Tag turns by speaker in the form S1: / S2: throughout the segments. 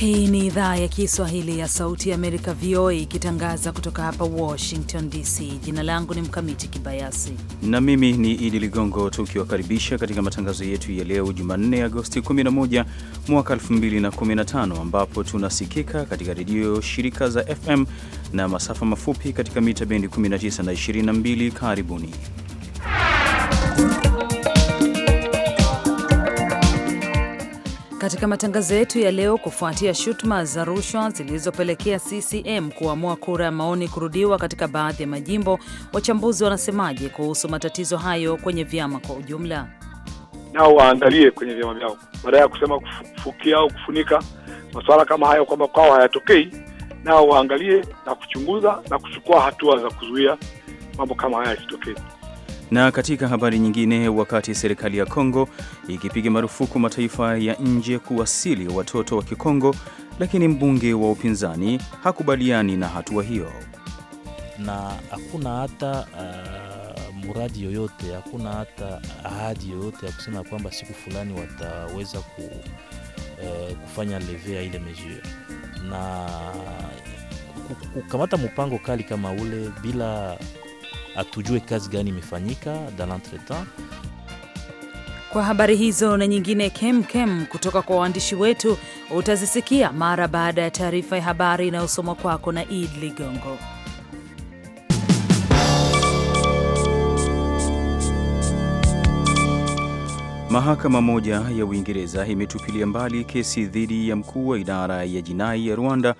S1: Hii ni idhaa ya Kiswahili ya Sauti ya Amerika, VOA, ikitangaza kutoka hapa Washington DC. Jina langu ni Mkamiti Kibayasi
S2: na mimi ni Idi Ligongo, tukiwakaribisha katika matangazo yetu ya leo Jumanne, Agosti 11 mwaka 2015, ambapo tunasikika katika redio shirika za FM na masafa mafupi katika mita bendi 19 na 22. Karibuni
S1: katika matangazo yetu ya leo, kufuatia shutuma za rushwa zilizopelekea CCM kuamua kura ya maoni kurudiwa katika baadhi ya majimbo, wachambuzi wanasemaje kuhusu matatizo hayo kwenye vyama kwa ujumla?
S3: Nao waangalie kwenye vyama vyao, badala ya kusema kufukia au kufunika masuala kama hayo kwamba kwao hayatokei, nao waangalie na kuchunguza na kuchukua hatua za kuzuia mambo kama haya yasitokee.
S2: Na katika habari nyingine, wakati serikali ya Kongo ikipiga marufuku mataifa ya nje kuwasili watoto wa Kikongo, lakini mbunge wa upinzani hakubaliani na hatua hiyo.
S4: Na hakuna hata uh, muradi yoyote, hakuna hata ahadi yoyote ya kusema kwamba siku fulani wataweza ku, uh, kufanya leve ya ile mesure na kukamata mpango kali kama ule bila hatujue kazi gani imefanyika dans l'entretemps.
S1: Kwa habari hizo na nyingine kem kem kutoka kwa waandishi wetu utazisikia mara baada ya taarifa ya habari inayosomwa kwako na Id Ligongo.
S2: Mahakama moja ya Uingereza imetupilia mbali kesi dhidi ya mkuu wa idara ya jinai ya Rwanda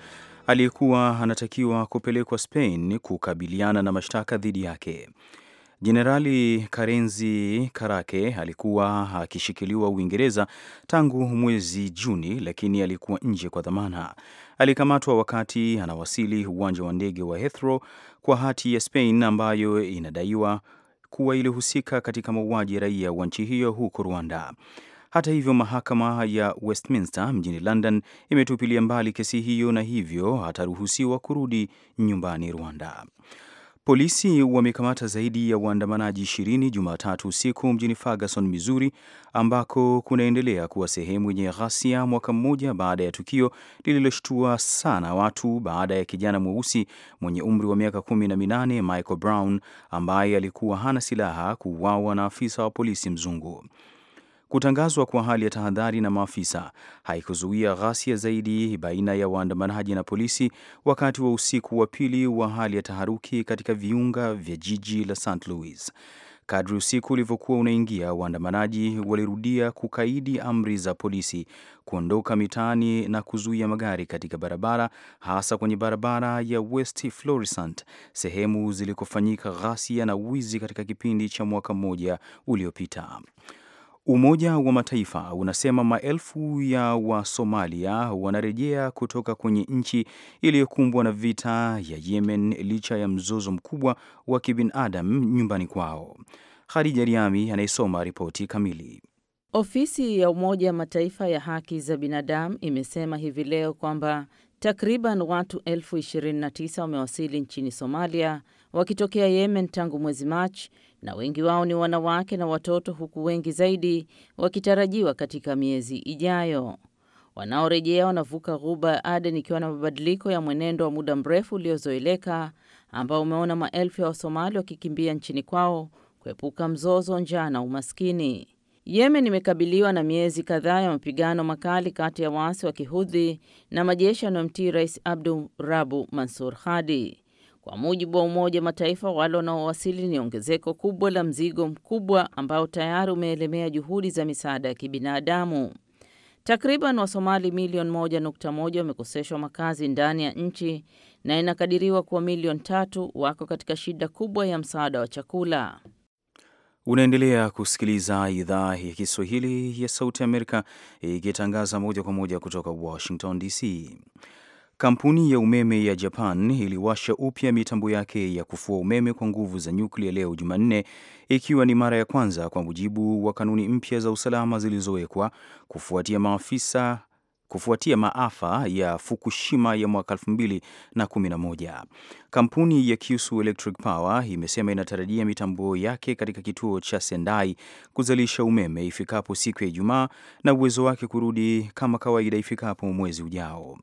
S2: aliyekuwa anatakiwa kupelekwa Spain kukabiliana na mashtaka dhidi yake. Jenerali Karenzi Karake alikuwa akishikiliwa Uingereza tangu mwezi Juni, lakini alikuwa nje kwa dhamana. Alikamatwa wakati anawasili uwanja wa ndege wa Heathrow kwa hati ya Spain ambayo inadaiwa kuwa ilihusika katika mauaji ya raia wa nchi hiyo huko Rwanda. Hata hivyo, mahakama ya Westminster mjini London imetupilia mbali kesi hiyo na hivyo ataruhusiwa kurudi nyumbani Rwanda. Polisi wamekamata zaidi ya waandamanaji ishirini Jumatatu usiku mjini Ferguson, Missouri, ambako kunaendelea kuwa sehemu yenye ghasia mwaka mmoja baada ya tukio lililoshtua sana watu baada ya kijana mweusi mwenye umri wa miaka kumi na minane Michael Brown ambaye alikuwa hana silaha kuuawa na afisa wa polisi mzungu. Kutangazwa kwa hali ya tahadhari na maafisa haikuzuia ghasia zaidi baina ya waandamanaji na polisi wakati wa usiku wa pili wa hali ya taharuki katika viunga vya jiji la St. Louis. Kadri usiku ulivyokuwa unaingia, waandamanaji walirudia kukaidi amri za polisi kuondoka mitaani na kuzuia magari katika barabara, hasa kwenye barabara ya West Florissant, sehemu zilikofanyika ghasia na wizi katika kipindi cha mwaka mmoja uliopita. Umoja wa Mataifa unasema maelfu ya Wasomalia wanarejea kutoka kwenye nchi iliyokumbwa na vita ya Yemen licha ya mzozo mkubwa wa kibinadamu nyumbani kwao. Khadija Riami anayesoma ripoti kamili.
S5: Ofisi ya Umoja wa Mataifa ya haki za binadamu imesema hivi leo kwamba takriban watu elfu 29 wamewasili nchini Somalia wakitokea Yemen tangu mwezi Machi na wengi wao ni wanawake na watoto, huku wengi zaidi wakitarajiwa katika miezi ijayo. Wanaorejea wanavuka ghuba ya Aden ikiwa na mabadiliko ya mwenendo wa muda mrefu uliozoeleka ambao umeona maelfu ya Wasomali wakikimbia nchini kwao kuepuka mzozo, njaa na umaskini. Yemen imekabiliwa na miezi kadhaa ya mapigano makali kati ya waasi wa Kihudhi na majeshi yanayomtii Rais Abdu Rabu Mansur Hadi. Kwa mujibu wa Umoja wa Mataifa, wale wanaowasili ni ongezeko kubwa la mzigo mkubwa ambao tayari umeelemea juhudi za misaada ya kibinadamu. Takriban Wasomali milioni 1.1 wamekoseshwa makazi ndani ya nchi na inakadiriwa kuwa milioni tatu wako katika shida kubwa ya msaada wa chakula.
S2: Unaendelea kusikiliza idhaa ya Kiswahili ya Sauti Amerika ikitangaza moja kwa moja kutoka Washington DC. Kampuni ya umeme ya Japan iliwasha upya mitambo yake ya kufua umeme kwa nguvu za nyuklia leo Jumanne, ikiwa ni mara ya kwanza kwa mujibu wa kanuni mpya za usalama zilizowekwa kufuatia maafisa kufuatia maafa ya Fukushima ya mwaka 2011. Kampuni ya Kyushu Electric Power imesema inatarajia mitambo yake katika kituo cha Sendai kuzalisha umeme ifikapo siku ya Ijumaa na uwezo wake kurudi kama kawaida ifikapo mwezi ujao.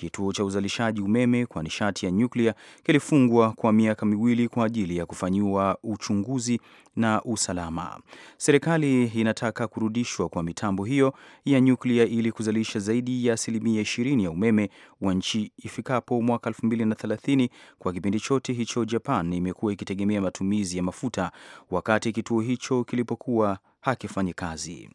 S2: Kituo cha uzalishaji umeme kwa nishati ya nyuklia kilifungwa kwa miaka miwili kwa ajili ya kufanyiwa uchunguzi na usalama. Serikali inataka kurudishwa kwa mitambo hiyo ya nyuklia ili kuzalisha zaidi ya asilimia 20 ya umeme wa nchi ifikapo mwaka 2030. Kwa kipindi chote hicho, Japan imekuwa ikitegemea matumizi ya mafuta, wakati kituo hicho kilipokuwa hakifanyi kazi.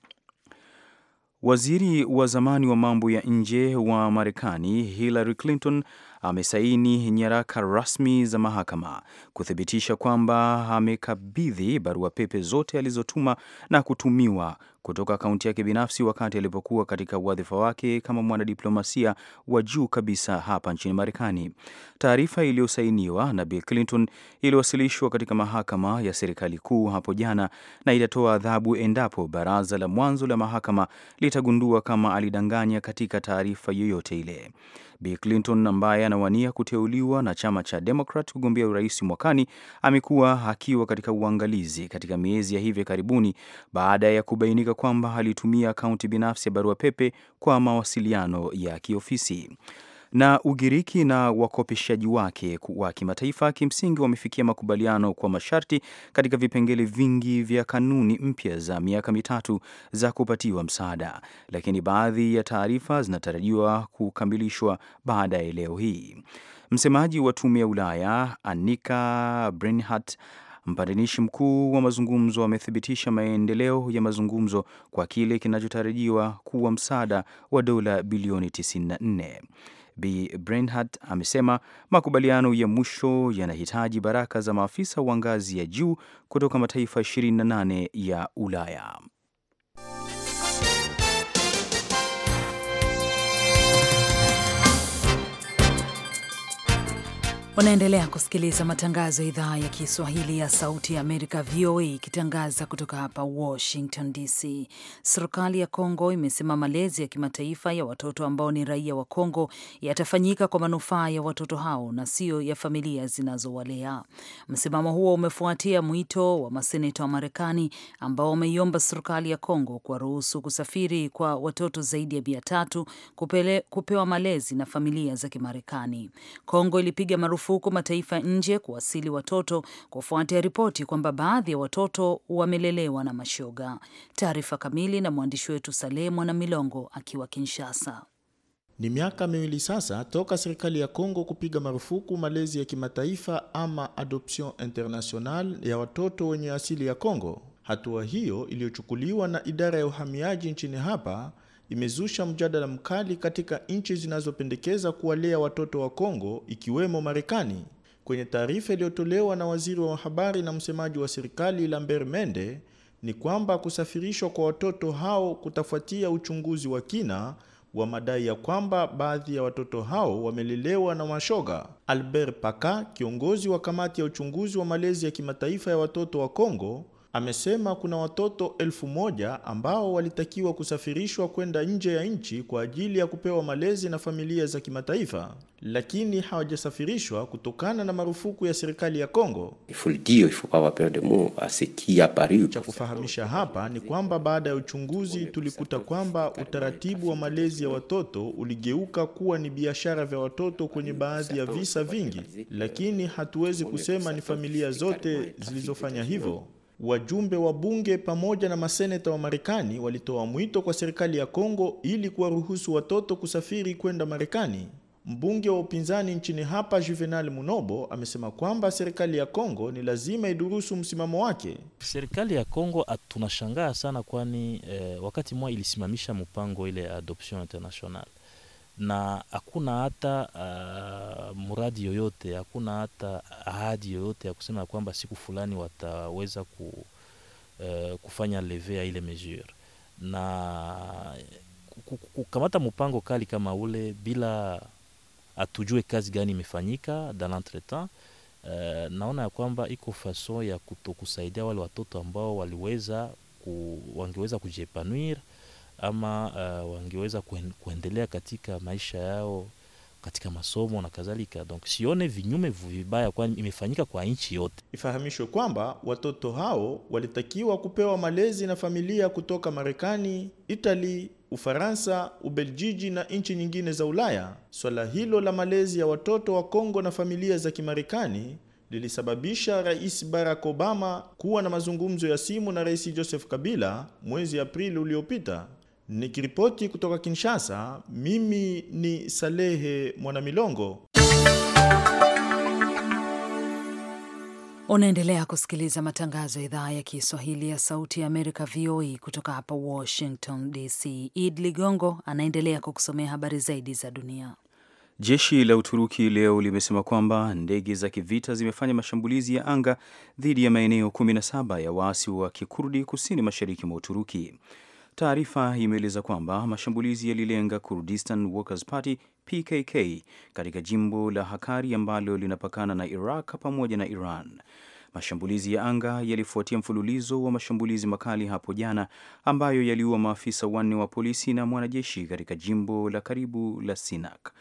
S2: Waziri wa zamani wa mambo ya nje wa Marekani Hillary Clinton amesaini nyaraka rasmi za mahakama kuthibitisha kwamba amekabidhi barua pepe zote alizotuma na kutumiwa kutoka akaunti yake binafsi wakati alipokuwa katika wadhifa wake kama mwanadiplomasia wa juu kabisa hapa nchini Marekani. Taarifa iliyosainiwa na Bill Clinton iliwasilishwa katika mahakama ya serikali kuu hapo jana na itatoa adhabu endapo baraza la mwanzo la mahakama litagundua kama alidanganya katika taarifa yoyote ile. Bill Clinton ambaye anawania kuteuliwa na chama cha Demokrat kugombea urais mwakani amekuwa akiwa katika uangalizi katika miezi ya hivi karibuni baada ya kubainika kwamba alitumia akaunti binafsi ya barua pepe kwa mawasiliano ya kiofisi na Ugiriki na wakopeshaji wake wa kimataifa kimsingi wamefikia makubaliano kwa masharti katika vipengele vingi vya kanuni mpya za miaka mitatu za kupatiwa msaada, lakini baadhi ya taarifa zinatarajiwa kukamilishwa baada ya leo hii. Msemaji wa tume ya Ulaya Annika Brinhart Mpatanishi mkuu wa mazungumzo amethibitisha maendeleo ya mazungumzo kwa kile kinachotarajiwa kuwa msaada wa dola bilioni 94. b Bernhardt amesema makubaliano ya mwisho yanahitaji baraka za maafisa wa ngazi ya juu kutoka mataifa 28 ya Ulaya.
S1: Unaendelea kusikiliza matangazo ya idhaa ya Kiswahili ya Sauti ya Amerika, VOA, ikitangaza kutoka hapa Washington DC. Serikali ya Kongo imesema malezi ya kimataifa ya watoto ambao ni raia wa Kongo yatafanyika kwa manufaa ya watoto hao na siyo ya familia zinazowalea. Msimamo huo umefuatia mwito wa maseneta wa Marekani ambao wameiomba serikali ya Kongo kuwaruhusu kusafiri kwa watoto zaidi ya mia tatu kupewa malezi na familia za Kimarekani. Kongo ilipiga marufuku marufuku mataifa nje kuwasili watoto kufuatia ripoti kwamba baadhi ya watoto wamelelewa na mashoga. Taarifa kamili na mwandishi wetu Saleh Mwana Milongo akiwa Kinshasa. Ni miaka miwili sasa toka serikali ya Kongo kupiga
S6: marufuku malezi ya kimataifa ama adoption international ya watoto wenye asili ya Kongo. Hatua hiyo iliyochukuliwa na idara ya uhamiaji nchini hapa imezusha mjadala mkali katika nchi zinazopendekeza kuwalea watoto wa Kongo ikiwemo Marekani. Kwenye taarifa iliyotolewa na waziri wa habari na msemaji wa serikali Lambert Mende ni kwamba kusafirishwa kwa watoto hao kutafuatia uchunguzi wa kina wa madai ya kwamba baadhi ya watoto hao wamelelewa na mashoga. Albert Paka, kiongozi wa kamati ya uchunguzi wa malezi ya kimataifa ya watoto wa Kongo, amesema kuna watoto elfu moja ambao walitakiwa kusafirishwa kwenda nje ya nchi kwa ajili ya kupewa malezi na familia za kimataifa, lakini hawajasafirishwa kutokana na marufuku ya serikali ya Kongo. Cha kufahamisha hapa ni kwamba baada ya uchunguzi tulikuta kwamba utaratibu wa malezi ya watoto uligeuka kuwa ni biashara vya watoto kwenye baadhi ya visa vingi, lakini hatuwezi kusema ni familia zote zilizofanya hivyo. Wajumbe wa bunge pamoja na maseneta wa Marekani walitoa mwito kwa serikali ya Kongo ili kuwaruhusu watoto kusafiri kwenda Marekani. Mbunge wa upinzani nchini hapa Juvenal Munobo amesema kwamba serikali ya Kongo ni lazima idurusu msimamo wake.
S4: Serikali ya Kongo ah, tunashangaa sana, kwani eh, wakati mwa ilisimamisha mpango ile adoption international na hakuna hata uh, muradi yoyote, hakuna hata ahadi yoyote ya kusema kwamba siku fulani wataweza ku, uh, kufanya leve ya ile mesure na kukamata mpango kali kama ule bila atujue kazi gani imefanyika dans l'entretemps. Uh, naona ya kwamba iko fason ya kutokusaidia wale watoto ambao waliweza ku, wangeweza uh, ama uh, wangeweza kuendelea katika maisha yao katika masomo na kadhalika. Donc sione vinyume vibaya, kwani imefanyika kwa nchi yote. Ifahamishwe kwamba watoto
S6: hao walitakiwa kupewa malezi na familia kutoka Marekani, Itali, Ufaransa, Ubeljiji na nchi nyingine za Ulaya. Swala hilo la malezi ya watoto wa Kongo na familia za Kimarekani lilisababisha Rais Barack Obama kuwa na mazungumzo ya simu na Rais Joseph Kabila mwezi Aprili uliopita Nikiripoti kutoka Kinshasa, mimi ni Salehe Mwanamilongo.
S1: Unaendelea kusikiliza matangazo ya idhaa ya Kiswahili ya Sauti ya Amerika, VOA, e, kutoka hapa Washington DC. Id Ligongo anaendelea kukusomea habari zaidi za dunia.
S2: Jeshi la Uturuki leo limesema kwamba ndege za kivita zimefanya mashambulizi ya anga dhidi ya maeneo 17 ya waasi wa Kikurdi kusini mashariki mwa Uturuki. Taarifa imeeleza kwamba mashambulizi yalilenga Kurdistan Workers Party PKK katika jimbo la Hakari ambalo linapakana na Iraq pamoja na Iran. Mashambulizi ya anga yalifuatia mfululizo wa mashambulizi makali hapo jana ambayo yaliua maafisa wanne wa polisi na mwanajeshi katika jimbo la karibu la Sinak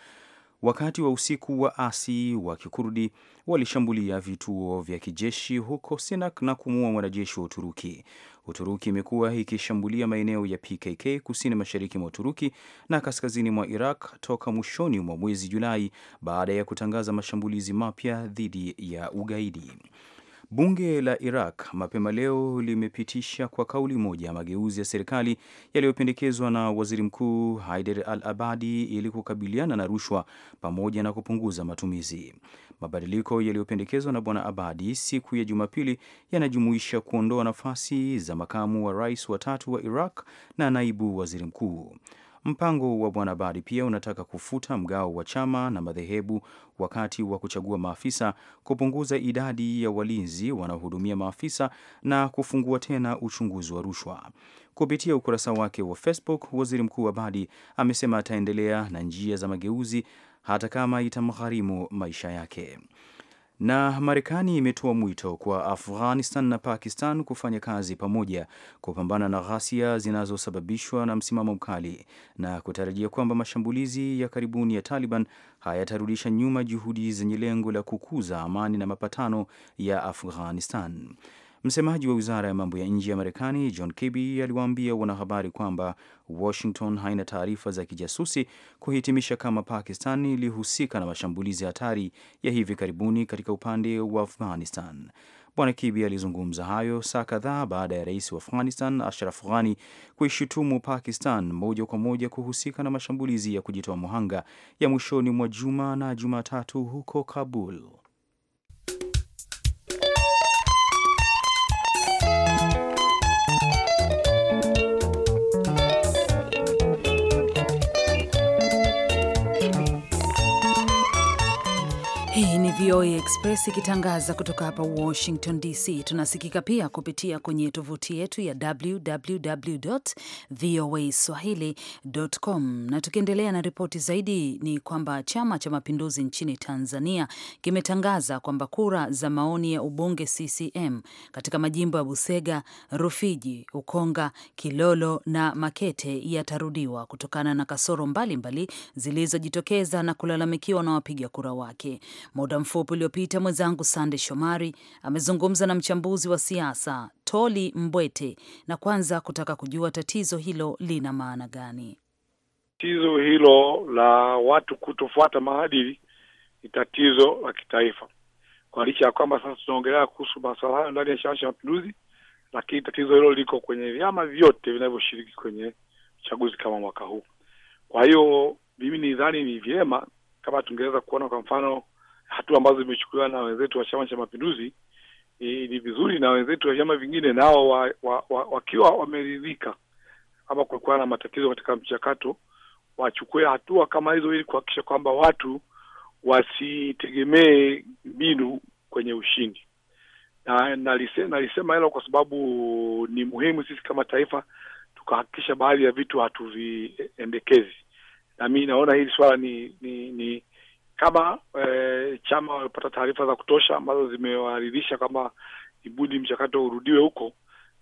S2: wakati wa usiku wa asi wa Kikurdi walishambulia vituo vya kijeshi huko Sinak na kumuua mwanajeshi wa Uturuki. Uturuki imekuwa ikishambulia maeneo ya PKK kusini mashariki mwa Uturuki na kaskazini mwa Iraq toka mwishoni mwa mwezi Julai baada ya kutangaza mashambulizi mapya dhidi ya ugaidi. Bunge la Iraq mapema leo limepitisha kwa kauli moja mageuzi ya serikali yaliyopendekezwa na waziri mkuu Haider al-Abadi ili kukabiliana na rushwa pamoja na kupunguza matumizi. Mabadiliko yaliyopendekezwa na Bwana Abadi siku ya Jumapili yanajumuisha kuondoa nafasi za makamu wa rais watatu wa Iraq na naibu waziri mkuu. Mpango wa Bwana Badi pia unataka kufuta mgao wa chama na madhehebu wakati wa kuchagua maafisa, kupunguza idadi ya walinzi wanaohudumia maafisa na kufungua tena uchunguzi wa rushwa. Kupitia ukurasa wake wa Facebook, waziri mkuu Abadi amesema ataendelea na njia za mageuzi hata kama itamgharimu maisha yake. Na Marekani imetoa mwito kwa Afghanistan na Pakistan kufanya kazi pamoja kupambana na ghasia zinazosababishwa na msimamo mkali na kutarajia kwamba mashambulizi ya karibuni ya Taliban hayatarudisha nyuma juhudi zenye lengo la kukuza amani na mapatano ya Afghanistan. Msemaji wa wizara ya mambo ya nje ya Marekani John Kirby aliwaambia wanahabari kwamba Washington haina taarifa za kijasusi kuhitimisha kama Pakistan ilihusika na mashambulizi hatari ya hivi karibuni katika upande wa Afghanistan. Bwana Kibi alizungumza hayo saa kadhaa baada ya rais wa Afghanistan Ashraf Ghani kuishutumu Pakistan moja kwa moja kuhusika na mashambulizi ya kujitoa muhanga ya mwishoni mwa juma na Jumatatu huko Kabul.
S1: VOA Express ikitangaza kutoka hapa Washington DC. Tunasikika pia kupitia kwenye tovuti yetu ya www voa swahili.com. Na tukiendelea na ripoti zaidi, ni kwamba Chama cha Mapinduzi nchini Tanzania kimetangaza kwamba kura za maoni ya ubunge CCM katika majimbo ya Busega, Rufiji, Ukonga, Kilolo na Makete yatarudiwa kutokana na kasoro mbalimbali zilizojitokeza na kulalamikiwa na wapiga kura wake. Muda mfupi uliopita mwenzangu Sande Shomari amezungumza na mchambuzi wa siasa Toli Mbwete na kwanza kutaka kujua tatizo hilo lina maana gani.
S3: Tatizo hilo la watu kutofuata maadili ni tatizo la kitaifa, kwa licha ya kwamba sasa tunaongelea kuhusu masuala hayo ndani ya Chama cha Mapinduzi, lakini tatizo hilo liko kwenye vyama vyote vinavyoshiriki kwenye uchaguzi kama mwaka huu. Kwa hiyo mimi nidhani ni vyema kama tungeweza kuona kwa mfano hatua ambazo zimechukuliwa na wenzetu wa Chama cha Mapinduzi e, ni vizuri na wenzetu wa vyama vingine nao wakiwa wa, wa, wakiwa wameridhika ama kulikuwa na matatizo katika mchakato, wachukue hatua kama hizo ili kuhakikisha kwamba watu wasitegemee mbinu kwenye ushindi. Na nalise, nalisema hilo kwa sababu ni muhimu sisi kama taifa tukahakikisha baadhi ya vitu hatuviendekezi, na mi naona hili swala ni ni, ni kama e, chama wamepata taarifa za kutosha ambazo zimewaridhisha kwamba ibudi mchakato urudiwe huko,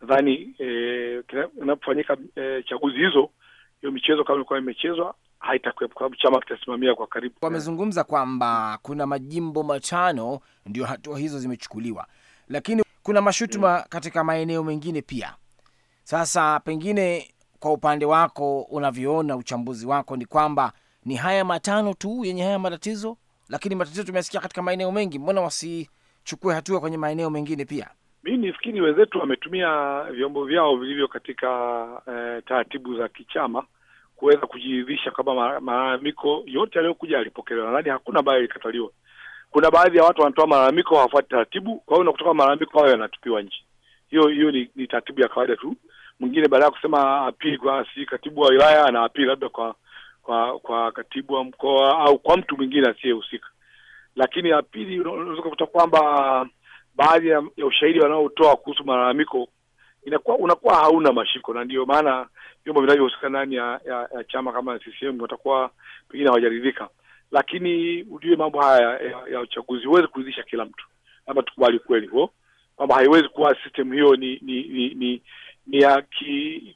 S3: nadhani e, eh, inapofanyika e, eh, chaguzi hizo, hiyo michezo kama ilikuwa imechezwa haitakuwepo, kwa sababu chama kitasimamia kwa karibu.
S2: Wamezungumza kwamba kuna majimbo matano ndio hatua hizo zimechukuliwa, lakini kuna mashutuma hmm, katika maeneo mengine pia. Sasa pengine kwa upande wako unavyoona, uchambuzi wako ni kwamba ni haya matano tu yenye haya matatizo, lakini matatizo tumeyasikia katika maeneo mengi. Mbona wasichukue hatua kwenye maeneo mengine pia?
S3: Mi nifikiri wenzetu wametumia vyombo vyao vilivyo katika eh, taratibu za kichama kuweza kujiridhisha kama malalamiko yote yaliyokuja yalipokelewa. Nadhani hakuna ambayo ilikataliwa. Kuna baadhi ya watu wanatoa malalamiko hawafuati taratibu, kwa hiyo kutoka malalamiko hayo yanatupiwa nje. Hiyo hiyo ni, ni taratibu ya kawaida tu. Mwingine baada ya kusema apili kwa si katibu wa wilaya, ana apili labda kwa kwa kwa katibu wa mkoa au kwa mtu mwingine asiyehusika. Lakini la pili, unaweza kukuta kwamba baadhi ya, ya ushahidi wanaotoa kuhusu malalamiko inakuwa unakuwa hauna mashiko, na ndiyo maana vyombo vinavyohusika ndani ya, ya, ya chama kama CCM watakuwa pengine hawajaridhika. Lakini ujue mambo haya ya, ya uchaguzi huwezi kuridhisha kila mtu, labda tukubali kweli huo kwamba haiwezi kuwa system hiyo ni ni ni, ni, ni ya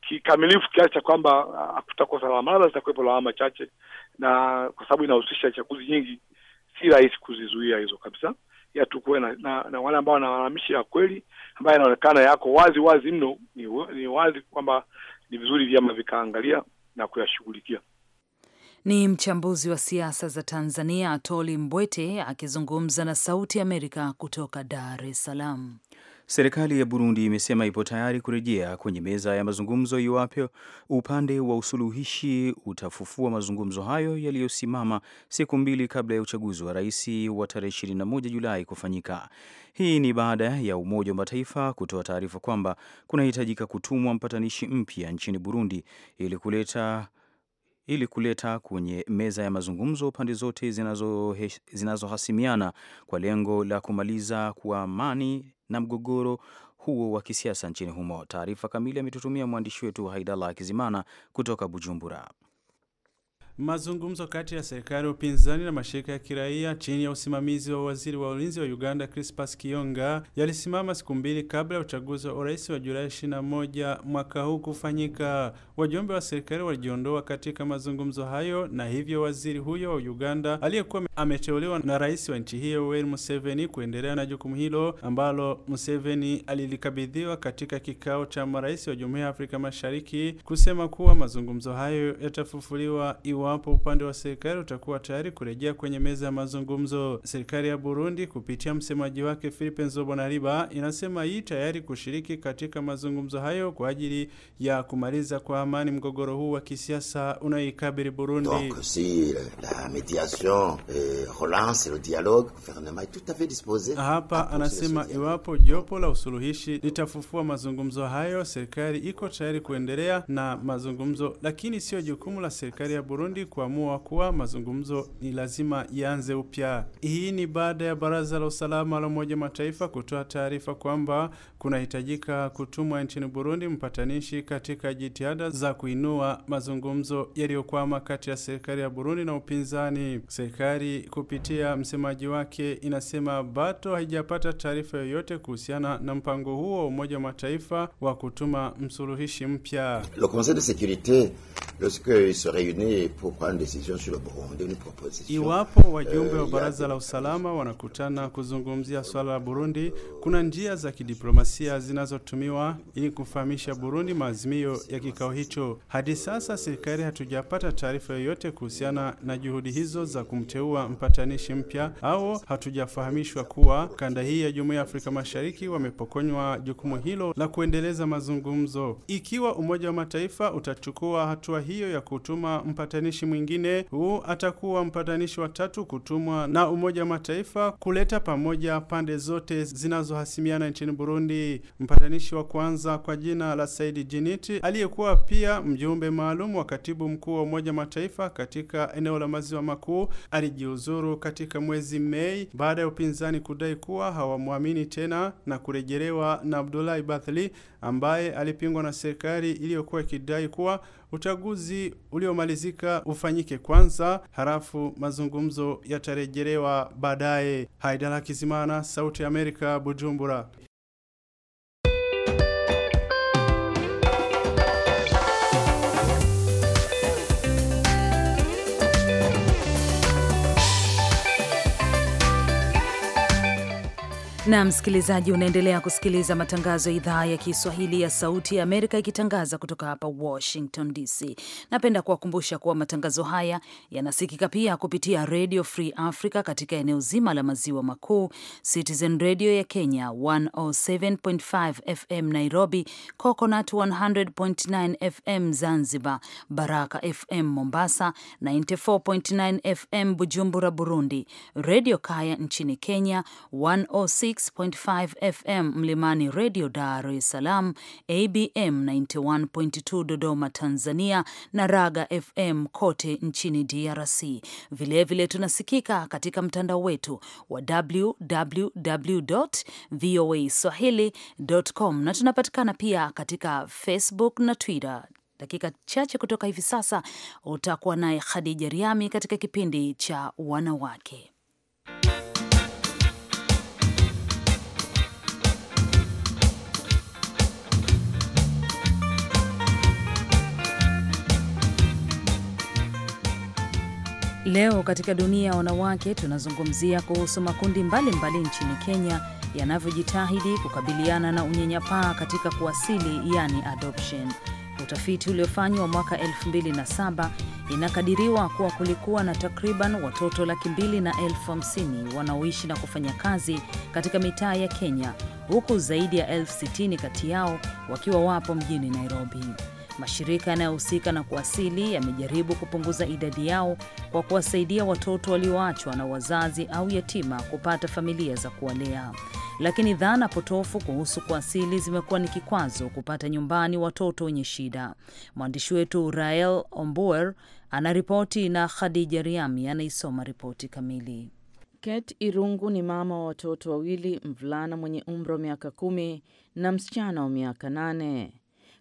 S3: kikamilifu ki kiasi cha kwamba ah, hakutakuwa salama, labda zitakuwepo lawama chache, na kwa sababu inahusisha chaguzi nyingi, si rahisi kuzizuia hizo kabisa, ya tukuwe na, na, na wale ambao wanalalamishi ya kweli ambayo inaonekana yako wazi wazi mno. Ni, ni wazi kwamba ni vizuri vyama vikaangalia na kuyashughulikia.
S1: Ni mchambuzi wa siasa za Tanzania Toli Mbwete akizungumza na Sauti Amerika kutoka Dar es Salaam.
S2: Serikali ya Burundi imesema ipo tayari kurejea kwenye meza ya mazungumzo iwapo upande wa usuluhishi utafufua mazungumzo hayo yaliyosimama siku mbili kabla ya uchaguzi wa rais wa tarehe 21 Julai kufanyika. Hii ni baada ya Umoja wa Mataifa kutoa taarifa kwamba kunahitajika kutumwa mpatanishi mpya nchini Burundi ili kuleta ili kuleta kwenye meza ya mazungumzo pande zote zinazohasimiana zinazo kwa lengo la kumaliza kwa amani na mgogoro huo wa kisiasa nchini humo. Taarifa kamili ametutumia mwandishi wetu Haidala Akizimana kutoka Bujumbura.
S7: Mazungumzo kati ya serikali, upinzani na mashirika ya kiraia chini ya usimamizi wa waziri wa ulinzi wa Uganda Crispas Kionga yalisimama siku mbili kabla ya uchaguzi wa urais wa Julai 21 mwaka huu kufanyika. Wajumbe wa serikali walijiondoa katika mazungumzo hayo, na hivyo waziri huyo wa Uganda aliyekuwa ameteuliwa na rais wa nchi hiyo Yoweri Museveni kuendelea na jukumu hilo ambalo Museveni alilikabidhiwa katika kikao cha marais wa Jumuiya ya Afrika Mashariki, kusema kuwa mazungumzo hayo yatafufuliwa iwa iwapo upande wa serikali utakuwa tayari kurejea kwenye meza ya mazungumzo. Serikali ya Burundi kupitia msemaji wake Philippe Nzobonariba inasema hii tayari kushiriki katika mazungumzo hayo kwa ajili ya kumaliza kwa amani mgogoro huu wa kisiasa unaoikabili Burundi. Donc,
S6: si la mediation, eh, relance le dialogue,
S4: gouvernement est tout à fait
S6: Hapa anasema
S7: iwapo jopo la usuluhishi litafufua mazungumzo hayo, serikali iko tayari kuendelea na mazungumzo, lakini sio jukumu la serikali ya Burundi Burundi kuamua kuwa mazungumzo ni lazima yaanze upya. Hii ni baada ya Baraza la Usalama la Umoja Mataifa kutoa taarifa kwamba kunahitajika kutumwa nchini Burundi mpatanishi katika jitihada za kuinua mazungumzo yaliyokwama kati ya serikali ya Burundi na upinzani. Serikali kupitia msemaji wake inasema bado haijapata taarifa yoyote kuhusiana na mpango huo wa Umoja wa Mataifa wa kutuma msuluhishi mpya.
S6: Le Conseil de Securite lorsque il se reunit sur le Burundi, proposition.
S7: Iwapo wajumbe wa eh, baraza la usalama wanakutana kuzungumzia swala la Burundi, kuna njia za kidiplomasia zinazotumiwa ili kufahamisha Burundi maazimio ya kikao hicho. Hadi sasa serikali hatujapata taarifa yoyote kuhusiana na juhudi hizo za kumteua mpatanishi mpya, au hatujafahamishwa kuwa kanda hii ya Jumuiya ya Afrika Mashariki wamepokonywa jukumu hilo la kuendeleza mazungumzo. Ikiwa Umoja wa Mataifa utachukua hatua hiyo ya kutuma mpatanishi mpatanishi mwingine, huu atakuwa mpatanishi wa tatu kutumwa na Umoja wa Mataifa kuleta pamoja pande zote zinazohasimiana nchini Burundi. Mpatanishi wa kwanza kwa jina la Saidi Jiniti aliyekuwa pia mjumbe maalum wa katibu mkuu wa Umoja wa Mataifa katika eneo la Maziwa Makuu alijiuzuru katika mwezi Mei baada ya upinzani kudai kuwa hawamwamini tena na kurejelewa na Abdullahi Bathli ambaye alipingwa na serikali iliyokuwa ikidai kuwa uchaguzi uliomalizika ufanyike kwanza, halafu mazungumzo yatarejelewa baadaye. Haidala Kizimana, Sauti ya Amerika, Bujumbura.
S1: na msikilizaji, unaendelea kusikiliza matangazo ya idhaa ya Kiswahili ya Sauti ya Amerika ikitangaza kutoka hapa Washington DC. Napenda kuwakumbusha kuwa matangazo haya yanasikika pia kupitia Radio Free Africa katika eneo zima la maziwa makuu, Citizen Radio ya Kenya 107.5 FM Nairobi, Coconut 100.9 FM Zanzibar, Baraka FM Mombasa 94.9 FM Bujumbura, Burundi, Radio Kaya nchini Kenya 96.5 FM Mlimani Radio Dar es Salaam, ABM 91.2 Dodoma Tanzania na Raga FM kote nchini DRC. Vilevile vile tunasikika katika mtandao wetu wa www.voaswahili.com na tunapatikana pia katika Facebook na Twitter. Dakika chache kutoka hivi sasa utakuwa naye Khadija Riami katika kipindi cha wanawake Leo katika dunia ya wanawake tunazungumzia kuhusu makundi mbalimbali mbali nchini Kenya yanavyojitahidi kukabiliana na unyanyapaa katika kuwasili, yani adoption. Utafiti uliofanywa mwaka 2007 inakadiriwa kuwa kulikuwa na takriban watoto laki mbili na elfu hamsini wanaoishi na kufanya kazi katika mitaa ya Kenya, huku zaidi ya elfu sitini kati yao wakiwa wapo mjini Nairobi. Mashirika yanayohusika na kuasili yamejaribu kupunguza idadi yao kwa kuwasaidia watoto walioachwa na wazazi au yatima kupata familia za kuwalea. Lakini dhana potofu kuhusu kuasili zimekuwa ni kikwazo kupata nyumbani watoto wenye shida. Mwandishi wetu Rael Ombuer anaripoti na Khadija Riami anaisoma ripoti kamili. Kate
S5: Irungu ni mama wa watoto wawili, mvulana mwenye umri wa miaka kumi na msichana wa miaka nane.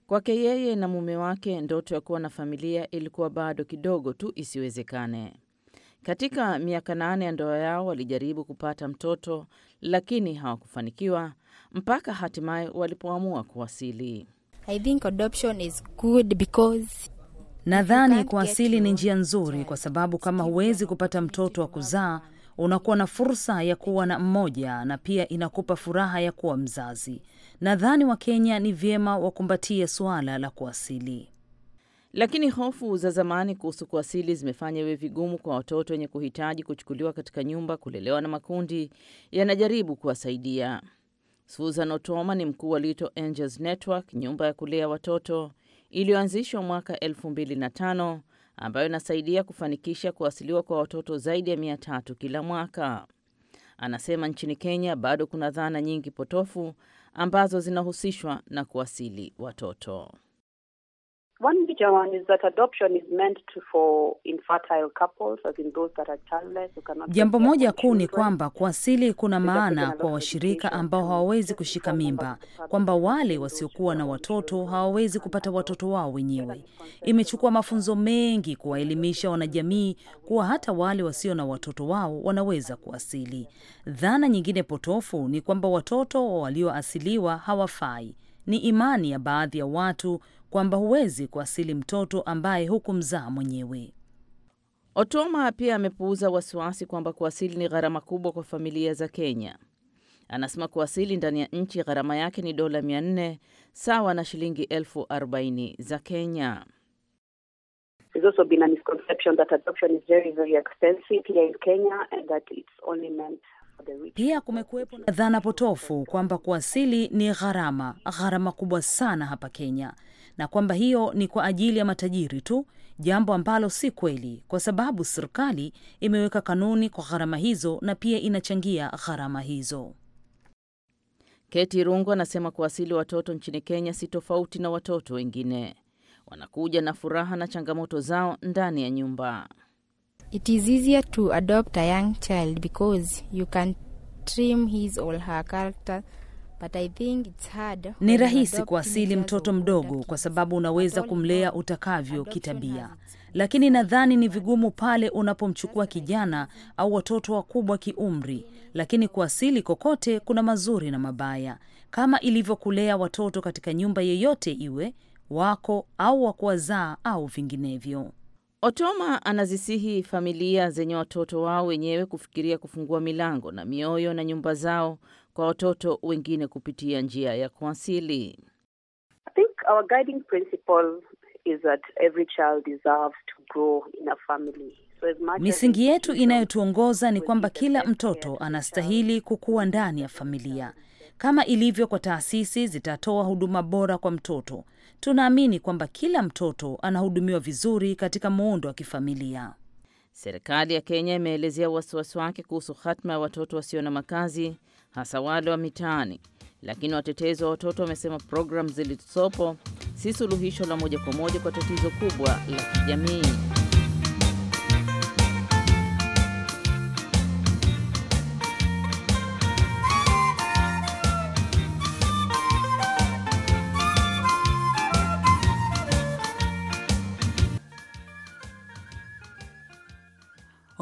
S5: Kwake yeye na mume wake, ndoto ya kuwa na familia ilikuwa bado kidogo tu isiwezekane. Katika miaka nane ya ndoa yao walijaribu kupata mtoto lakini hawakufanikiwa mpaka hatimaye walipoamua
S1: kuwasili. I think adoption is good because nadhani kuasili ni njia nzuri, kwa sababu kama huwezi kupata mtoto wa kuzaa, unakuwa na fursa ya kuwa na mmoja na pia inakupa furaha ya kuwa mzazi. Nadhani Wakenya ni vyema wakumbatie suala la kuasili. Lakini hofu za zamani
S5: kuhusu kuasili zimefanya iwe vigumu kwa watoto wenye kuhitaji kuchukuliwa katika nyumba, kulelewa na makundi yanajaribu kuwasaidia. Susan Otoma ni mkuu wa Little Angels Network, nyumba ya kulea watoto iliyoanzishwa mwaka 2005 ambayo inasaidia kufanikisha kuwasiliwa kwa watoto zaidi ya mia tatu kila mwaka. Anasema nchini Kenya bado kuna dhana nyingi potofu ambazo zinahusishwa na kuwasili watoto.
S1: One major one is that adoption is meant to for infertile couples, as in those that are childless who cannot. Jambo moja kuu ni kwamba kuasili kuna maana kwa washirika ambao hawawezi kushika mimba, kwamba wale wasiokuwa na watoto hawawezi kupata watoto wao wenyewe. Imechukua mafunzo mengi kuwaelimisha wanajamii kuwa hata wale wasio na watoto wao wanaweza kuasili. Dhana nyingine potofu ni kwamba watoto walioasiliwa hawafai. Ni imani ya baadhi ya watu kwamba huwezi kuasili mtoto ambaye hukumzaa mwenyewe. Otoma pia amepuuza wasiwasi kwamba kuasili ni gharama kubwa kwa
S5: familia za Kenya. Anasema kuasili ndani ya nchi gharama yake ni dola 400 sawa na shilingi elfu 40 za Kenya.
S1: Pia kumekuwepo na dhana potofu kwamba kuasili ni gharama gharama kubwa sana hapa Kenya na kwamba hiyo ni kwa ajili ya matajiri tu, jambo ambalo si kweli, kwa sababu serikali imeweka kanuni kwa gharama hizo na pia inachangia gharama hizo. Keti Rungu anasema kuwasili watoto nchini
S5: Kenya si tofauti na watoto wengine, wanakuja na furaha na changamoto zao ndani ya nyumba.
S1: It is easier to adopt a young child because you can trim his or her character
S7: ni rahisi
S3: kuasili
S1: mtoto mdogo kwa sababu unaweza kumlea utakavyo kitabia, lakini nadhani ni vigumu pale unapomchukua kijana au watoto wakubwa kiumri. Lakini kuasili kokote kuna mazuri na mabaya, kama ilivyokulea watoto katika nyumba yeyote iwe wako au wa kuwazaa au vinginevyo.
S5: Otoma anazisihi familia zenye watoto wao wenyewe kufikiria kufungua milango na mioyo na nyumba zao kwa watoto wengine kupitia njia ya kuasili.
S1: Misingi yetu inayotuongoza ni kwamba kila mtoto anastahili kukua ndani ya familia. Kama ilivyo kwa taasisi zitatoa huduma bora kwa mtoto, tunaamini kwamba kila mtoto anahudumiwa vizuri katika muundo wa kifamilia.
S5: Serikali ya Kenya imeelezea wasiwasi wake kuhusu hatima ya watoto wasio na makazi hasa wale wa mitaani, lakini watetezi wa watoto wamesema programu zilizopo si suluhisho la moja kwa moja kwa tatizo kubwa la kijamii.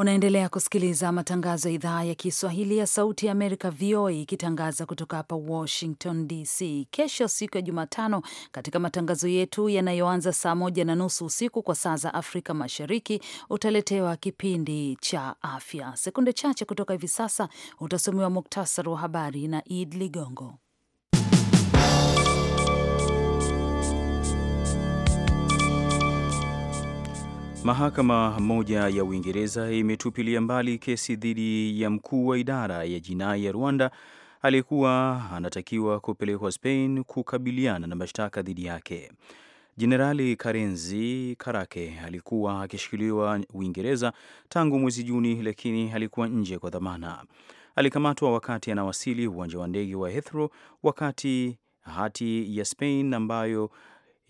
S1: Unaendelea kusikiliza matangazo ya idhaa ya Kiswahili ya Sauti ya Amerika, VOA, ikitangaza kutoka hapa Washington DC. Kesho siku ya Jumatano, katika matangazo yetu yanayoanza saa moja na nusu usiku kwa saa za Afrika Mashariki, utaletewa kipindi cha afya. Sekunde chache kutoka hivi sasa utasomewa muktasari wa habari na Id Ligongo.
S2: Mahakama moja ya Uingereza imetupilia mbali kesi dhidi ya mkuu wa idara ya jinai ya Rwanda aliyekuwa anatakiwa kupelekwa Spain kukabiliana na mashtaka dhidi yake. Jenerali Karenzi Karake alikuwa akishikiliwa Uingereza tangu mwezi Juni, lakini alikuwa nje kwa dhamana. Alikamatwa wakati anawasili uwanja wa ndege wa Heathrow wakati hati ya Spain ambayo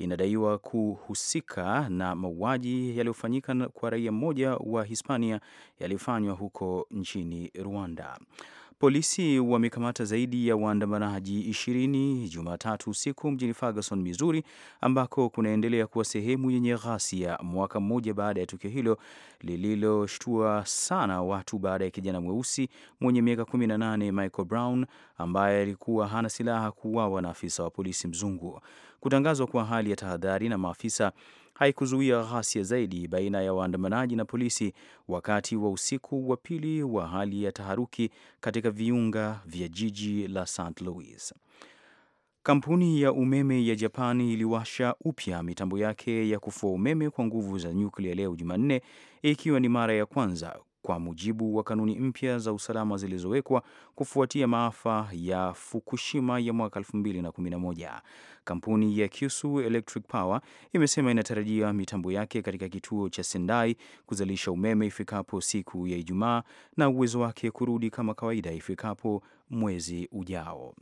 S2: inadaiwa kuhusika na mauaji yaliyofanyika kwa raia mmoja wa Hispania yaliyofanywa huko nchini Rwanda. Polisi wamekamata zaidi ya waandamanaji ishirini Jumatatu usiku mjini Ferguson, Missouri, ambako kunaendelea kuwa sehemu yenye ghasia, mwaka mmoja baada ya tukio hilo lililoshtua sana watu baada ya kijana mweusi mwenye miaka 18 Michael Brown ambaye alikuwa hana silaha kuuawa na afisa wa polisi mzungu. Kutangazwa kwa hali ya tahadhari na maafisa haikuzuia ghasia zaidi baina ya waandamanaji na polisi wakati wa usiku wa pili wa hali ya taharuki katika viunga vya jiji la St. Louis. Kampuni ya umeme ya Japan iliwasha upya mitambo yake ya kufua umeme kwa nguvu za nyuklia leo Jumanne, ikiwa ni mara ya kwanza kwa mujibu wa kanuni mpya za usalama zilizowekwa kufuatia maafa ya Fukushima ya mwaka 2011. Kampuni ya Kyushu Electric Power imesema inatarajia mitambo yake katika kituo cha Sendai kuzalisha umeme ifikapo siku ya Ijumaa na uwezo wake kurudi kama kawaida ifikapo mwezi ujao.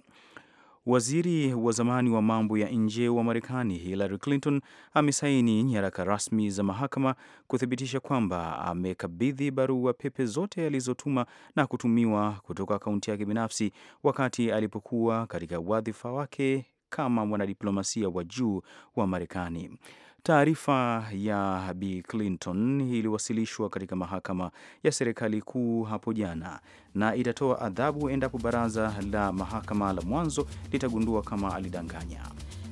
S2: Waziri wa zamani wa mambo ya nje wa Marekani Hillary Clinton amesaini nyaraka rasmi za mahakama kuthibitisha kwamba amekabidhi barua pepe zote alizotuma na kutumiwa kutoka akaunti yake binafsi wakati alipokuwa katika wadhifa wake kama mwanadiplomasia wa juu wa Marekani. Taarifa ya Bi Clinton iliwasilishwa katika mahakama ya serikali kuu hapo jana na itatoa adhabu endapo baraza la mahakama la mwanzo litagundua kama alidanganya.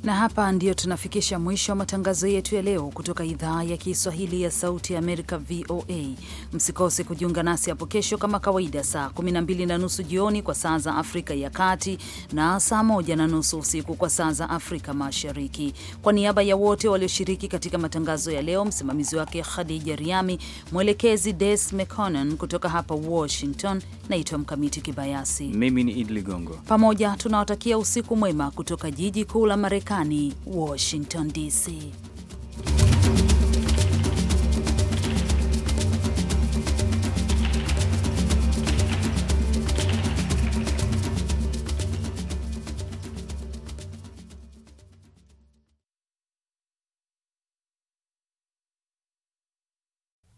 S1: Na hapa ndiyo tunafikisha mwisho wa matangazo yetu ya leo kutoka idhaa ya Kiswahili ya Sauti ya Amerika, VOA. Msikose kujiunga nasi hapo kesho kama kawaida, saa 12 na nusu jioni kwa saa za Afrika ya Kati na saa 1 na nusu usiku kwa saa za Afrika Mashariki. Kwa niaba ya wote walioshiriki katika matangazo ya leo, msimamizi wake Khadija Riami, mwelekezi Des McConan kutoka hapa Washington. Naitwa Mkamiti Kibayasi,
S2: mimi ni Idi Ligongo.
S1: Pamoja tunawatakia usiku mwema kutoka jiji kuu la Marekani, Washington DC.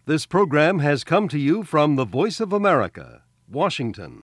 S5: This program has come to you from the Voice of America, Washington.